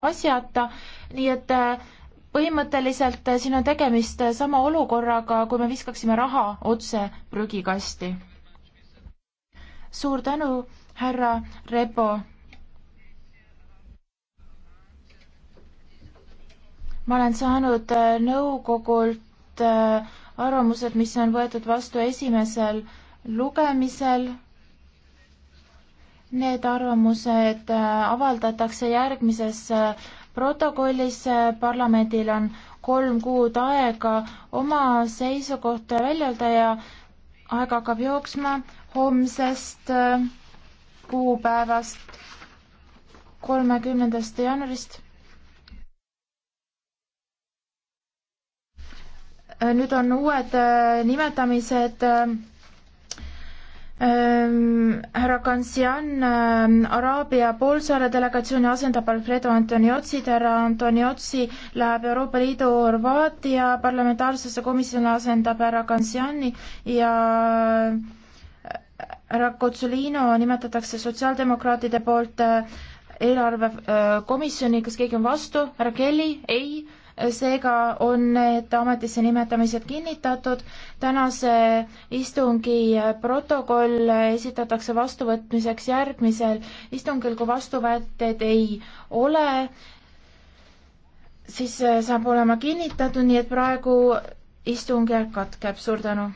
asjata, nii et äh, põhimõtteliselt äh, siin on tegemist äh, sama olukorraga, kui me viskaksime raha otse prügikasti. suur tänu, härra Repo. ma olen saanud nõukogult arvamused, mis on võetud vastu esimesel lugemisel Need arvamused äh, avaldatakse järgmises äh, protokollis. Äh, parlamendil on kolm kuud aega oma seisukoht välja öelda ja aeg hakkab jooksma homsest kuupäevast, kolmekümnendast jaanuarist. nüüd on uued nimetamised Ehm, härra Kansian ehm, Araabia poolsaare delegatsiooni asendab Alfredo Antoniotsit, härra Antoniotsi läheb Euroopa Liidu Horvaatia parlamentaarsesse komisjoni, asendab härra Kansiani ja äh, härra Kotsulino nimetatakse sotsiaaldemokraatide poolt äh, eelarvekomisjoni, äh, kas keegi on vastu, härra Kelly, ei seega on need ametisse nimetamised kinnitatud. tänase istungi protokoll esitatakse vastuvõtmiseks järgmisel istungil, kui vastuvõtteid ei ole, siis saab olema kinnitatud, nii et praegu istungjärk katkeb, suur tänu!